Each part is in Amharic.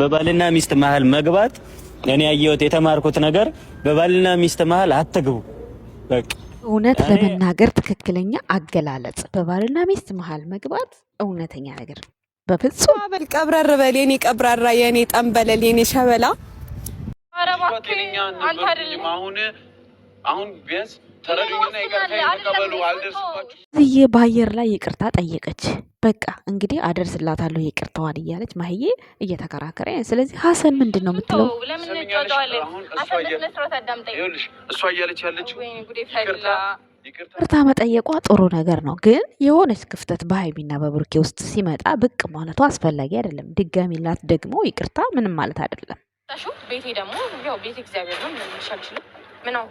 በባልና ሚስት መሀል መግባት እኔ ያየሁት የተማርኩት ነገር በባልና ሚስት መሀል አትግቡ። እውነት ለመናገር ትክክለኛ አገላለጽ በባልና ሚስት መሀል መግባት እውነተኛ ነገር በፍጹም አበል ቀብረር በል የኔ ቀብራራ፣ የኔ ጠንበለል፣ የኔ ሸበላ አሁን በአየር ላይ ይቅርታ ጠየቀች። በቃ እንግዲህ አደርስላታለሁ ይቅርተዋል እያለች ማህዬ እየተከራከረ። ስለዚህ ሀሰን ምንድን ነው የምትለው? እሷ እያለች ያለችው ይቅርታ መጠየቋ ጥሩ ነገር ነው፣ ግን የሆነች ክፍተት በሀይሚና በብሩኬ ውስጥ ሲመጣ ብቅ ማለቱ አስፈላጊ አይደለም። ድጋሚ ላት ደግሞ ይቅርታ ምንም ማለት አይደለም። ቤቴ ደግሞ ያው ቤት እግዚአብሔር ነው። ምን ነው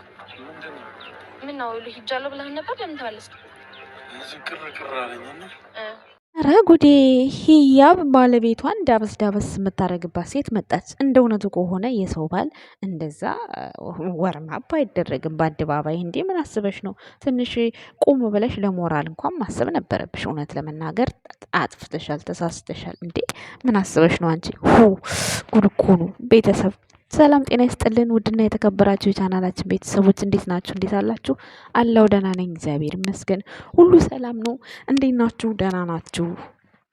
ምን ነው ልጅ ጃለው ብለህ ነበር ለምን ተመለስክ? ቅር ቅር አለኝ ኧረ ጉዴ! ሂያብ ባለቤቷን ዳበስ ዳበስ የምታደርግባት ሴት መጣች። እንደ እውነቱ ከሆነ የሰው ባል እንደዛ ወርማባ አይደረግም በአደባባይ። እንዴ ምን አስበሽ ነው? ትንሽ ቁም ብለሽ ለሞራል እንኳን ማሰብ ነበረብሽ። እውነት ለመናገር አጥፍተሻል፣ ተሳስተሻል። እንዴ ምን አስበሽ ነው አንቺ? ጉድ እኮ ነው ቤተሰብ ሰላም ጤና ይስጥልን ውድና የተከበራችሁ የቻናላችን ቤተሰቦች እንዴት ናችሁ? እንዴት አላችሁ? አለው ደህና ነኝ፣ እግዚአብሔር ይመስገን፣ ሁሉ ሰላም ነው። እንዴት ናችሁ? ደህና ናችሁ?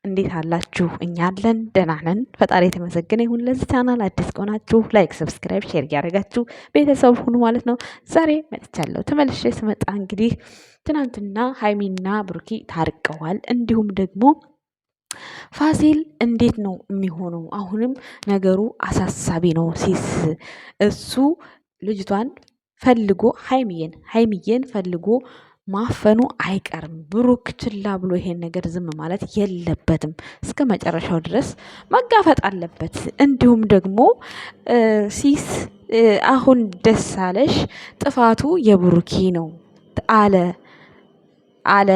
እንዴት አላችሁ? እኛ አለን ደህና ነን፣ ፈጣሪ የተመሰገነ ይሁን። ለዚህ ቻናል አዲስ ከሆናችሁ ላይክ፣ ሰብስክራይብ፣ ሼር እያደረጋችሁ ቤተሰብ ሁኑ ማለት ነው። ዛሬ መጥቻለሁ። ተመልሼ ስመጣ እንግዲህ ትናንትና ሀይሚና ብሩኪ ታርቀዋል፣ እንዲሁም ደግሞ ፋሲል እንዴት ነው የሚሆነው? አሁንም ነገሩ አሳሳቢ ነው። ሲስ እሱ ልጅቷን ፈልጎ ሀይሚዬን ሀይሚዬን ፈልጎ ማፈኑ አይቀርም። ብሩክ ችላ ብሎ ይሄን ነገር ዝም ማለት የለበትም። እስከ መጨረሻው ድረስ መጋፈጥ አለበት። እንዲሁም ደግሞ ሲስ አሁን ደስ አለሽ፣ ጥፋቱ የብሩኪ ነው አለ አለ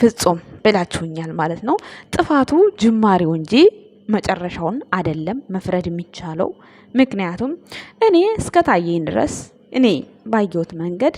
ፍጹም ብላችሁኛል ማለት ነው። ጥፋቱ ጅማሬው እንጂ መጨረሻውን አይደለም መፍረድ የሚቻለው። ምክንያቱም እኔ እስከ ድረስ እኔ ባየሁት መንገድ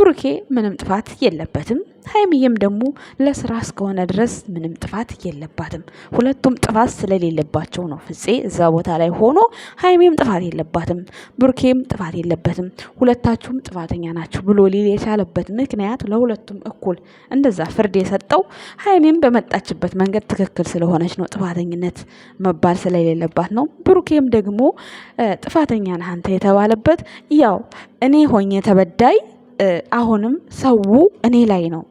ብሩኬ ምንም ጥፋት የለበትም። ሀይሚዬም ደግሞ ለስራ እስከሆነ ድረስ ምንም ጥፋት የለባትም። ሁለቱም ጥፋት ስለሌለባቸው ነው ፍፄ እዛ ቦታ ላይ ሆኖ ሀይሚም ጥፋት የለባትም፣ ብሩኬም ጥፋት የለበትም፣ ሁለታችሁም ጥፋተኛ ናችሁ ብሎ ሊል የቻለበት ምክንያት ለሁለቱም እኩል እንደዛ ፍርድ የሰጠው ሀይሚም በመጣችበት መንገድ ትክክል ስለሆነች ነው። ጥፋተኝነት መባል ስለሌለባት ነው። ብሩኬም ደግሞ ጥፋተኛ ነህ አንተ የተባለበት ያው እኔ ሆኜ ተበዳይ አሁንም ሰው እኔ ላይ ነው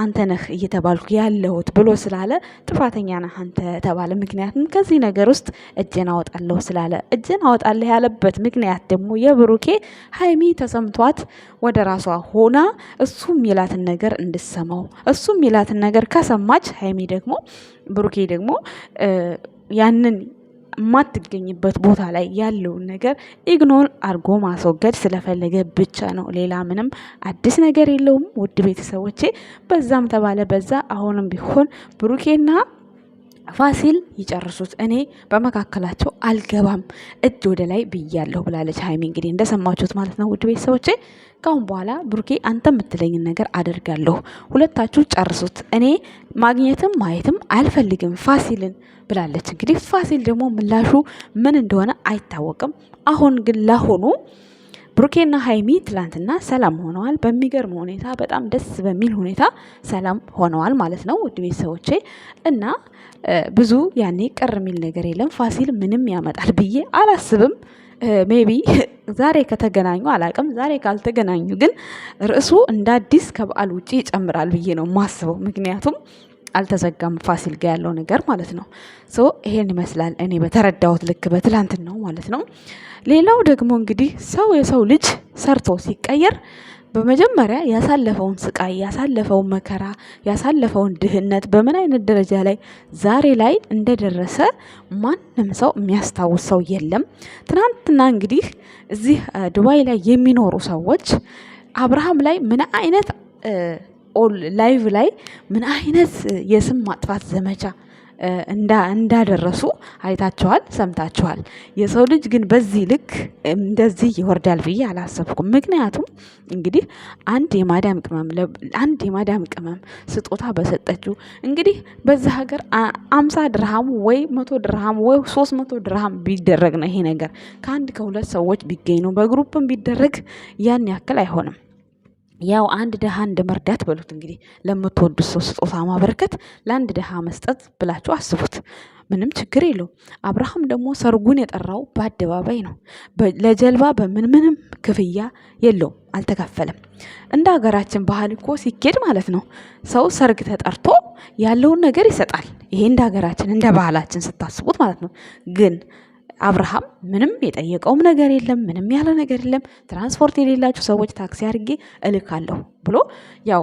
አንተ ነህ እየተባልኩ ያለሁት ብሎ ስላለ ጥፋተኛ ነህ አንተ ተባለ። ምክንያቱም ከዚህ ነገር ውስጥ እጄን አወጣለሁ ስላለ እጄን አወጣለሁ ያለበት ምክንያት ደግሞ የብሩኬ ሀይሚ ተሰምቷት ወደ ራሷ ሆና እሱ የሚላትን ነገር እንድሰማው እሱ የሚላትን ነገር ከሰማች ሀይሚ ደግሞ ብሩኬ ደግሞ ያንን የማትገኝበት ቦታ ላይ ያለውን ነገር ኢግኖር አድርጎ ማስወገድ ስለፈለገ ብቻ ነው። ሌላ ምንም አዲስ ነገር የለውም። ውድ ቤተሰቦቼ በዛም ተባለ በዛ አሁንም ቢሆን ብሩኬና ፋሲል ይጨርሱት። እኔ በመካከላቸው አልገባም፣ እጅ ወደ ላይ ብያለሁ ብላለች ሀይሚ። እንግዲህ እንደሰማችሁት ማለት ነው ውድ ቤተሰቦቼ ካሁን በኋላ ብሩኬ አንተ የምትለኝን ነገር አደርጋለሁ፣ ሁለታችሁ ጨርሱት፣ እኔ ማግኘትም ማየትም አልፈልግም ፋሲልን ብላለች። እንግዲህ ፋሲል ደግሞ ምላሹ ምን እንደሆነ አይታወቅም። አሁን ግን ለሆኑ ብሩኬና ሀይሚ ትላንትና ሰላም ሆነዋል። በሚገርም ሁኔታ በጣም ደስ በሚል ሁኔታ ሰላም ሆነዋል ማለት ነው። ውድ ቤተሰቦቼ እና ብዙ ያኔ ቅር የሚል ነገር የለም። ፋሲል ምንም ያመጣል ብዬ አላስብም። ሜቢ ዛሬ ከተገናኙ አላቅም። ዛሬ ካልተገናኙ ግን ርዕሱ እንደ አዲስ ከበዓል ውጪ ይጨምራል ብዬ ነው የማስበው። ምክንያቱም አልተዘጋም ፋሲል ጋ ያለው ነገር ማለት ነው። ሶ ይሄን ይመስላል እኔ በተረዳሁት ልክ በትላንትናው ማለት ነው። ሌላው ደግሞ እንግዲህ ሰው የሰው ልጅ ሰርቶ ሲቀየር በመጀመሪያ ያሳለፈውን ስቃይ ያሳለፈውን መከራ ያሳለፈውን ድህነት በምን አይነት ደረጃ ላይ ዛሬ ላይ እንደደረሰ ማንም ሰው የሚያስታውስ ሰው የለም። ትናንትና እንግዲህ እዚህ ዱባይ ላይ የሚኖሩ ሰዎች አብርሃም ላይ ምን አይነት ላይቭ ላይ ምን አይነት የስም ማጥፋት ዘመቻ እንዳደረሱ አይታችኋል፣ ሰምታችኋል። የሰው ልጅ ግን በዚህ ልክ እንደዚህ ይወርዳል ብዬ አላሰብኩም። ምክንያቱም እንግዲህ አንድ የማዳም ቅመም አንድ የማዳም ቅመም ስጦታ በሰጠችው እንግዲህ በዚህ ሀገር አምሳ ድርሃም ወይ መቶ ድርሃም ወይ ሶስት መቶ ድርሃም ቢደረግ ነው ይሄ ነገር ከአንድ ከሁለት ሰዎች ቢገኝ ነው በግሩፕም ቢደረግ ያን ያክል አይሆንም። ያው አንድ ደሃ እንደ መርዳት በሉት እንግዲህ ለምትወዱት ሰው ስጦታ ማበረከት ለአንድ ደሃ መስጠት ብላችሁ አስቡት። ምንም ችግር የለውም። አብርሃም ደግሞ ሰርጉን የጠራው በአደባባይ ነው። ለጀልባ በምን ምንም ክፍያ የለውም፣ አልተከፈለም። እንደ ሀገራችን ባህል እኮ ሲኬድ ማለት ነው ሰው ሰርግ ተጠርቶ ያለውን ነገር ይሰጣል። ይሄ እንደ ሀገራችን እንደ ባህላችን ስታስቡት ማለት ነው ግን አብርሃም ምንም የጠየቀውም ነገር የለም፣ ምንም ያለ ነገር የለም። ትራንስፖርት የሌላቸው ሰዎች ታክሲ አድርጌ እልካለሁ ብሎ ያው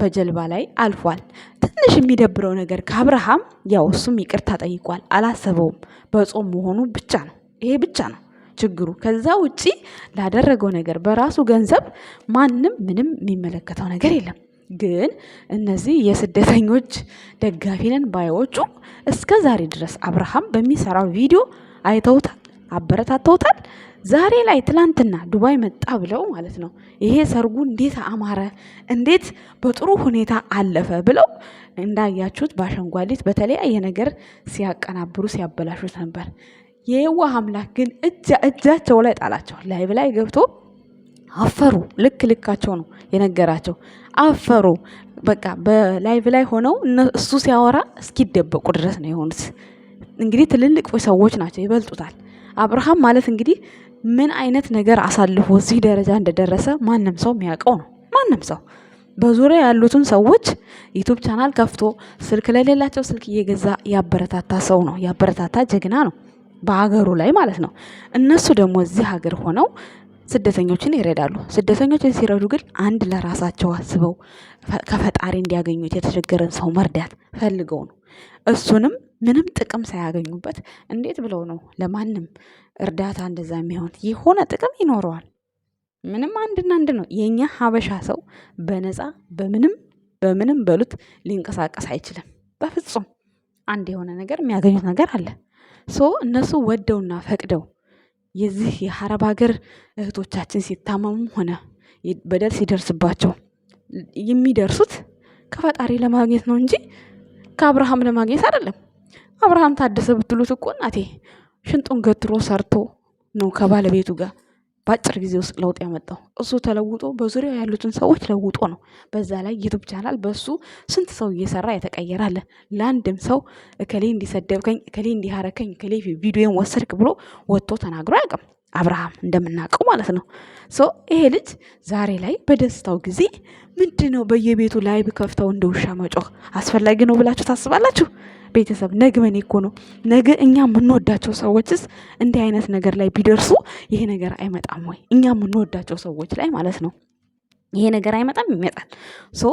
በጀልባ ላይ አልፏል። ትንሽ የሚደብረው ነገር ከአብርሃም ያው እሱም ይቅርታ ጠይቋል። አላሰበውም በጾም መሆኑ ብቻ ነው። ይሄ ብቻ ነው ችግሩ። ከዛ ውጪ ላደረገው ነገር በራሱ ገንዘብ ማንም ምንም የሚመለከተው ነገር የለም። ግን እነዚህ የስደተኞች ደጋፊ ነን ባዮቹ እስከ ዛሬ ድረስ አብርሃም በሚሰራው ቪዲዮ አይተውታል፣ አበረታተውታል። ዛሬ ላይ ትላንትና ዱባይ መጣ ብለው ማለት ነው ይሄ ሰርጉ እንዴት አማረ፣ እንዴት በጥሩ ሁኔታ አለፈ ብለው እንዳያችሁት በአሸንጓሊት በተለያየ ነገር ሲያቀናብሩ ሲያበላሹት ነበር። የየዋህ አምላክ ግን እጃቸው ላይ ጣላቸው። ላይ ላይ ገብቶ አፈሩ። ልክ ልካቸው ነው የነገራቸው። አፈሩ። በቃ በላይቭ ላይ ሆነው እሱ ሲያወራ እስኪደበቁ ድረስ ነው የሆኑት። እንግዲህ ትልልቅ ሰዎች ናቸው ይበልጡታል። አብርሃም ማለት እንግዲህ ምን አይነት ነገር አሳልፎ እዚህ ደረጃ እንደደረሰ ማንም ሰው የሚያውቀው ነው። ማንም ሰው በዙሪያ ያሉትን ሰዎች ዩቱብ ቻናል ከፍቶ ስልክ ለሌላቸው ስልክ እየገዛ ያበረታታ ሰው ነው። ያበረታታ ጀግና ነው፣ በሀገሩ ላይ ማለት ነው። እነሱ ደግሞ እዚህ ሀገር ሆነው ስደተኞችን ይረዳሉ። ስደተኞችን ሲረዱ ግን አንድ ለራሳቸው አስበው ከፈጣሪ እንዲያገኙት የተቸገረን ሰው መርዳት ፈልገው ነው። እሱንም ምንም ጥቅም ሳያገኙበት እንዴት ብለው ነው ለማንም እርዳታ እንደዛ የሚሆን? የሆነ ጥቅም ይኖረዋል። ምንም አንድና አንድ ነው። የእኛ ሀበሻ ሰው በነፃ በምንም በምንም በሉት ሊንቀሳቀስ አይችልም በፍጹም። አንድ የሆነ ነገር የሚያገኙት ነገር አለ። ሶ እነሱ ወደውና ፈቅደው የዚህ የሀረብ ሀገር እህቶቻችን ሲታመሙም ሆነ በደል ሲደርስባቸው የሚደርሱት ከፈጣሪ ለማግኘት ነው እንጂ ከአብርሃም ለማግኘት አይደለም። አብርሃም ታደሰ ብትሉት እኮ እናቴ ሽንጡን ገትሮ ሰርቶ ነው ከባለቤቱ ጋር በአጭር ጊዜ ውስጥ ለውጥ ያመጣው። እሱ ተለውጦ በዙሪያው ያሉትን ሰዎች ለውጦ ነው። በዛ ላይ ዩቱብ ቻናል በሱ ስንት ሰው እየሰራ የተቀየራለ። ለአንድም ሰው እከሌ እንዲሰደብከኝ፣ እከሌ እንዲያረከኝ፣ እከሌ ቪዲዮን ወሰድክ ብሎ ወጥቶ ተናግሮ አያውቅም። አብርሃም እንደምናውቀው ማለት ነው። ሶ ይሄ ልጅ ዛሬ ላይ በደስታው ጊዜ ምንድን ነው በየቤቱ ላይ ብከፍተው እንደ ውሻ መጮህ አስፈላጊ ነው ብላችሁ ታስባላችሁ? ቤተሰብ ነግ መኔ እኮ ነው ነገ እኛ የምንወዳቸው ሰዎችስ እንዲህ አይነት ነገር ላይ ቢደርሱ ይሄ ነገር አይመጣም ወይ? እኛ የምንወዳቸው ሰዎች ላይ ማለት ነው ይሄ ነገር አይመጣም፣ ይመጣል። ሶ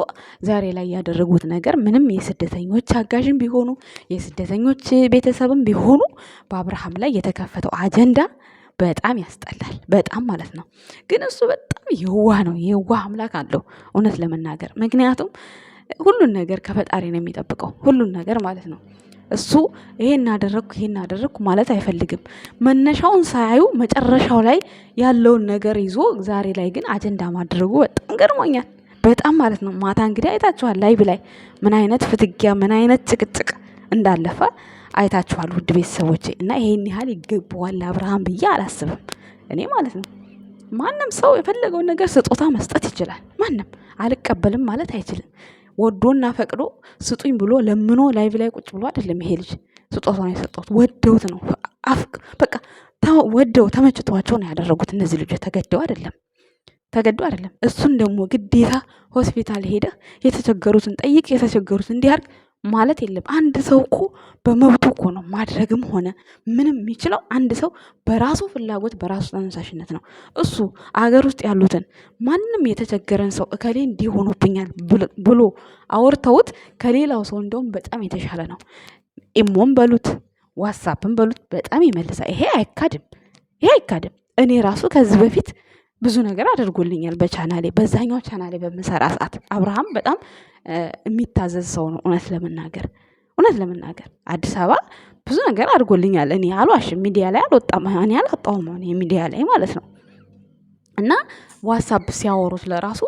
ዛሬ ላይ ያደረጉት ነገር ምንም የስደተኞች አጋዥም ቢሆኑ የስደተኞች ቤተሰብም ቢሆኑ በአብርሃም ላይ የተከፈተው አጀንዳ በጣም ያስጠላል። በጣም ማለት ነው። ግን እሱ በጣም የዋ ነው። የዋ አምላክ አለው እውነት ለመናገር ምክንያቱም ሁሉን ነገር ከፈጣሪ ነው የሚጠብቀው ሁሉን ነገር ማለት ነው። እሱ ይሄን እናደረግኩ ይሄን እናደረግኩ ማለት አይፈልግም። መነሻውን ሳያዩ መጨረሻው ላይ ያለውን ነገር ይዞ ዛሬ ላይ ግን አጀንዳ ማድረጉ በጣም ገርሞኛል። በጣም ማለት ነው። ማታ እንግዲህ አይታችኋል። ላይ ብላይ ምን አይነት ፍትጊያ ምን አይነት ጭቅጭቅ እንዳለፈ አይታችኋል ውድ ቤተሰቦች እና ይሄን ያህል ይገባዋል አብርሃም ብዬ አላስብም እኔ ማለት ነው። ማንም ሰው የፈለገውን ነገር ስጦታ መስጠት ይችላል። ማንም አልቀበልም ማለት አይችልም። ወዶና ፈቅዶ ስጡኝ ብሎ ለምኖ ላይቭ ላይ ቁጭ ብሎ አይደለም ይሄ ልጅ ስጦታ የሰጠሁት ወደውት ነው። አፍቅ በቃ ወደው ተመችቷቸው ነው ያደረጉት። እነዚህ ልጆች ተገደው አይደለም ተገዶ አይደለም። እሱን ደግሞ ግዴታ ሆስፒታል ሄደ የተቸገሩትን ጠይቅ፣ የተቸገሩትን እንዲያርግ ማለት የለም። አንድ ሰው እኮ በመብቱ እኮ ነው ማድረግም ሆነ ምንም የሚችለው አንድ ሰው በራሱ ፍላጎት በራሱ ተነሳሽነት ነው። እሱ አገር ውስጥ ያሉትን ማንም የተቸገረን ሰው እከሌ እንዲህ ሆኖብኛል ብሎ አውርተውት ከሌላው ሰው እንደውም በጣም የተሻለ ነው። ኢሞም በሉት ዋትሳፕም በሉት በጣም ይመልሳል። ይሄ አይካድም፣ ይሄ አይካድም። እኔ ራሱ ከዚህ በፊት ብዙ ነገር አድርጎልኛል በቻናሌ በዛኛው ቻናሌ በምሰራ ሰዓት አብርሃም በጣም የሚታዘዝ ሰው ነው። እውነት ለመናገር እውነት ለመናገር አዲስ አበባ ብዙ ነገር አድርጎልኛል። እኔ አልዋሽም፣ ሚዲያ ላይ አልወጣም፣ እኔ አላጣሁም፣ እኔ ሚዲያ ላይ ማለት ነው። እና ዋትሳፕ ሲያወሩት ለራሱ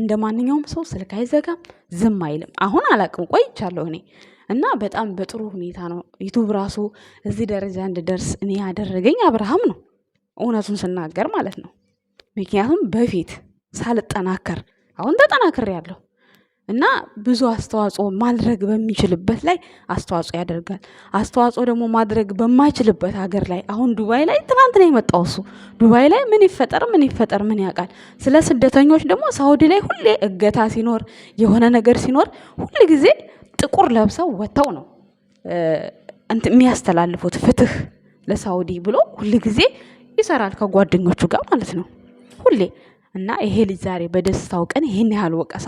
እንደ ማንኛውም ሰው ስልክ አይዘጋም፣ ዝም አይልም። አሁን አላቅም፣ ቆይቻለሁ እኔ እና በጣም በጥሩ ሁኔታ ነው ዩቱብ ራሱ እዚህ ደረጃ እንድደርስ እኔ ያደረገኝ አብርሃም ነው፣ እውነቱን ስናገር ማለት ነው። ምክንያቱም በፊት ሳልጠናከር አሁን ተጠናክር ያለሁ እና ብዙ አስተዋጽኦ ማድረግ በሚችልበት ላይ አስተዋጽኦ ያደርጋል። አስተዋጽኦ ደግሞ ማድረግ በማይችልበት ሀገር ላይ አሁን ዱባይ ላይ ትናንት ነው የመጣው እሱ። ዱባይ ላይ ምን ይፈጠር ምን ይፈጠር ምን ያውቃል? ስለ ስደተኞች ደግሞ ሳውዲ ላይ ሁሌ እገታ ሲኖር የሆነ ነገር ሲኖር ሁል ጊዜ ጥቁር ለብሰው ወጥተው ነው እንትን የሚያስተላልፉት ፍትህ ለሳውዲ ብሎ ሁል ጊዜ ይሰራል ከጓደኞቹ ጋር ማለት ነው። ሁሌ እና ይሄ ልጅ ዛሬ በደስታው ቀን ይህን ያህል ወቀሳ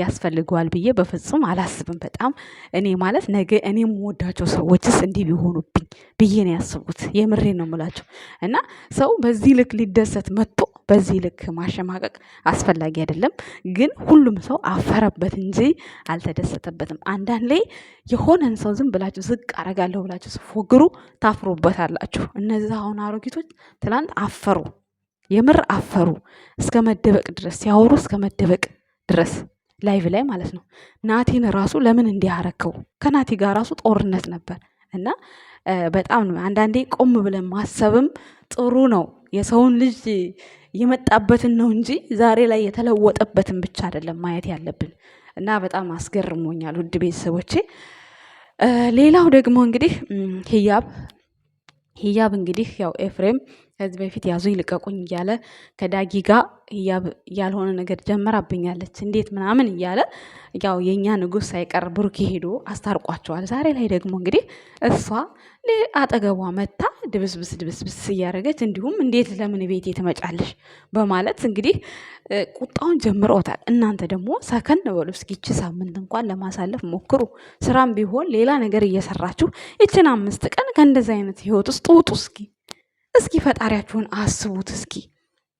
ያስፈልገዋል ብዬ በፍጹም አላስብም። በጣም እኔ ማለት ነገ እኔ የምወዳቸው ሰዎችስ እንዲህ ቢሆኑብኝ ብዬ ነው ያስብኩት። የምሬ ነው የምላቸው እና ሰው በዚህ ልክ ሊደሰት መጥቶ በዚህ ልክ ማሸማቀቅ አስፈላጊ አይደለም። ግን ሁሉም ሰው አፈረበት እንጂ አልተደሰተበትም። አንዳንድ ላይ የሆነን ሰው ዝም ብላችሁ ዝቅ አረጋለሁ ብላችሁ ስፎግሩ ታፍሩበታላችሁ። እነዚህ አሁን አሮጊቶች ትላንት አፈሩ። የምር አፈሩ። እስከ መደበቅ ድረስ ሲያወሩ እስከ መደበቅ ድረስ ላይቭ ላይ ማለት ነው። ናቲን ራሱ ለምን እንዲያረከው ከናቲ ጋር ራሱ ጦርነት ነበር እና በጣም አንዳንዴ ቆም ብለን ማሰብም ጥሩ ነው። የሰውን ልጅ የመጣበትን ነው እንጂ ዛሬ ላይ የተለወጠበትን ብቻ አይደለም ማየት ያለብን እና በጣም አስገርሞኛል ውድ ቤተሰቦቼ። ሌላው ደግሞ እንግዲህ ህያብ ህያብ እንግዲህ ያው ኤፍሬም ከዚህ በፊት ያዙ ይልቀቁኝ እያለ ከዳጊ ጋር ያልሆነ ነገር ጀመራብኛለች እንዴት ምናምን እያለ ያው የእኛ ንጉስ ሳይቀር ብሩክ ሄዶ አስታርቋቸዋል። ዛሬ ላይ ደግሞ እንግዲህ እሷ አጠገቧ መታ ድብስብስ ድብስብስ እያደረገች እንዲሁም እንዴት ለምን ቤት የተመጫለሽ በማለት እንግዲህ ቁጣውን ጀምሮታል። እናንተ ደግሞ ሰከን በሉ እስኪ ሳምንት እንኳን ለማሳለፍ ሞክሩ። ስራም ቢሆን ሌላ ነገር እየሰራችሁ ይችን አምስት ቀን ከእንደዚህ አይነት ህይወት ውስጥ ውጡ እስኪ እስኪ ፈጣሪያችሁን አስቡት። እስኪ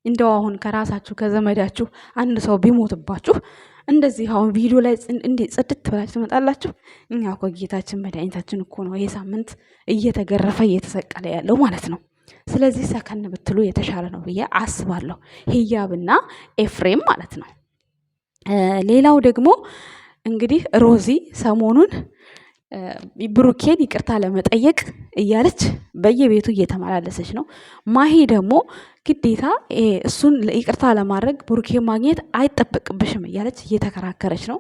እንደው አሁን ከራሳችሁ ከዘመዳችሁ አንድ ሰው ቢሞትባችሁ እንደዚህ አሁን ቪዲዮ ላይ እንዴት ጽድት ትብላችሁ ትመጣላችሁ? እኛ እኮ ጌታችን መድኃኒታችን እኮ ነው ይሄ ሳምንት እየተገረፈ እየተሰቀለ ያለው ማለት ነው። ስለዚህ ሰከን ብትሉ የተሻለ ነው ብዬ አስባለሁ። ህያብና ኤፍሬም ማለት ነው። ሌላው ደግሞ እንግዲህ ሮዚ ሰሞኑን ብሩኬን ይቅርታ ለመጠየቅ እያለች በየቤቱ እየተመላለሰች ነው። ማሂ ደግሞ ግዴታ እሱን ይቅርታ ለማድረግ ብሩኬን ማግኘት አይጠበቅብሽም እያለች እየተከራከረች ነው።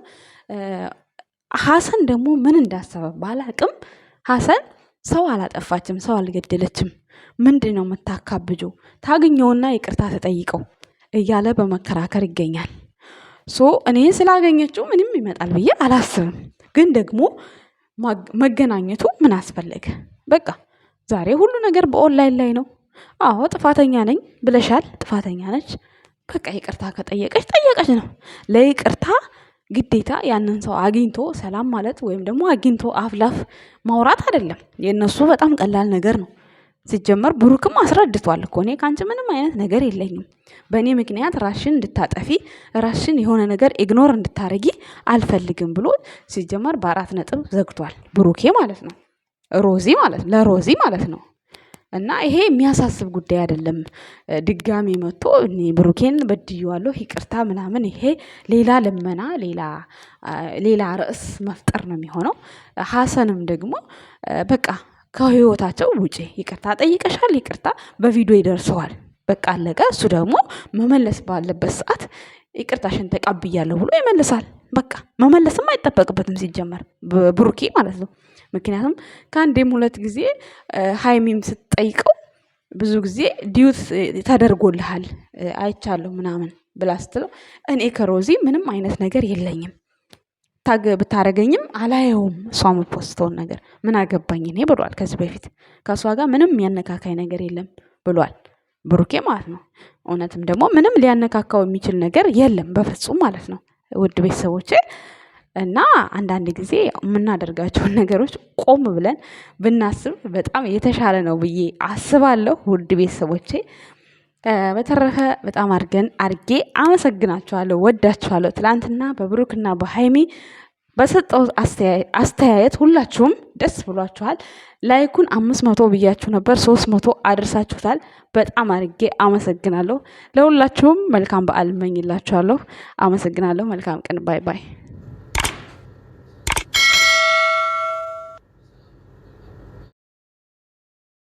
ሀሰን ደግሞ ምን እንዳሰበ ባላቅም ሀሰን ሰው አላጠፋችም፣ ሰው አልገደለችም፣ ምንድን ነው የምታካብጁ? ታግኘውና ይቅርታ ተጠይቀው እያለ በመከራከር ይገኛል። ሶ እኔ ስላገኘችው ምንም ይመጣል ብዬ አላስብም፣ ግን ደግሞ መገናኘቱ ምን አስፈለገ? በቃ ዛሬ ሁሉ ነገር በኦንላይን ላይ ነው። አዎ ጥፋተኛ ነኝ ብለሻል፣ ጥፋተኛ ነች። በቃ ይቅርታ ከጠየቀች ጠየቀች ነው። ለይቅርታ ግዴታ ያንን ሰው አግኝቶ ሰላም ማለት ወይም ደግሞ አግኝቶ አፍላፍ ማውራት አይደለም። የእነሱ በጣም ቀላል ነገር ነው። ሲጀመር ብሩክም አስረድቷል እኮ እኔ ከአንቺ ምንም አይነት ነገር የለኝም፣ በእኔ ምክንያት ራሽን እንድታጠፊ ራሽን የሆነ ነገር ኢግኖር እንድታረጊ አልፈልግም ብሎ ሲጀመር በአራት ነጥብ ዘግቷል። ብሩኬ ማለት ነው ሮዚ ማለት ለሮዚ ማለት ነው። እና ይሄ የሚያሳስብ ጉዳይ አይደለም። ድጋሚ መጥቶ እኔ ብሩኬን በድዩዋለሁ ይቅርታ ምናምን፣ ይሄ ሌላ ልመና፣ ሌላ ርዕስ መፍጠር ነው የሚሆነው። ሀሰንም ደግሞ በቃ ከህይወታቸው ውጪ ይቅርታ ጠይቀሻል፣ ይቅርታ በቪዲዮ ይደርሰዋል። በቃ አለቀ። እሱ ደግሞ መመለስ ባለበት ሰዓት ይቅርታሽን ተቀብያለሁ ብሎ ይመልሳል። በቃ መመለስም አይጠበቅበትም ሲጀመር ብሩኬ ማለት ነው። ምክንያቱም ከአንዴም ሁለት ጊዜ ሀይሚም ስትጠይቀው ብዙ ጊዜ ዲዩት ተደርጎልሃል አይቻለሁ ምናምን ብላ ስትለው እኔ ከሮዚ ምንም አይነት ነገር የለኝም ብታረገኝም አላየውም እሷ የምትፖስተውን ነገር ምን አገባኝ እኔ ብሏል። ከዚህ በፊት ከእሷ ጋር ምንም የሚያነካካኝ ነገር የለም ብሏል ብሩኬ ማለት ነው። እውነትም ደግሞ ምንም ሊያነካካው የሚችል ነገር የለም በፍጹም ማለት ነው። ውድ ቤተሰቦቼ እና አንዳንድ ጊዜ የምናደርጋቸውን ነገሮች ቆም ብለን ብናስብ በጣም የተሻለ ነው ብዬ አስባለሁ። ውድ ቤተሰቦቼ በተረፈ በጣም አድርገን አድርጌ አመሰግናችኋለሁ፣ ወዳችኋለሁ። ትላንትና በብሩክና በሀይሚ በሰጠው አስተያየት ሁላችሁም ደስ ብሏችኋል። ላይኩን አምስት መቶ ብያችሁ ነበር፣ ሶስት መቶ አድርሳችሁታል። በጣም አድርጌ አመሰግናለሁ። ለሁላችሁም መልካም በዓል እመኝላችኋለሁ። አመሰግናለሁ። መልካም ቀን። ባይ ባይ።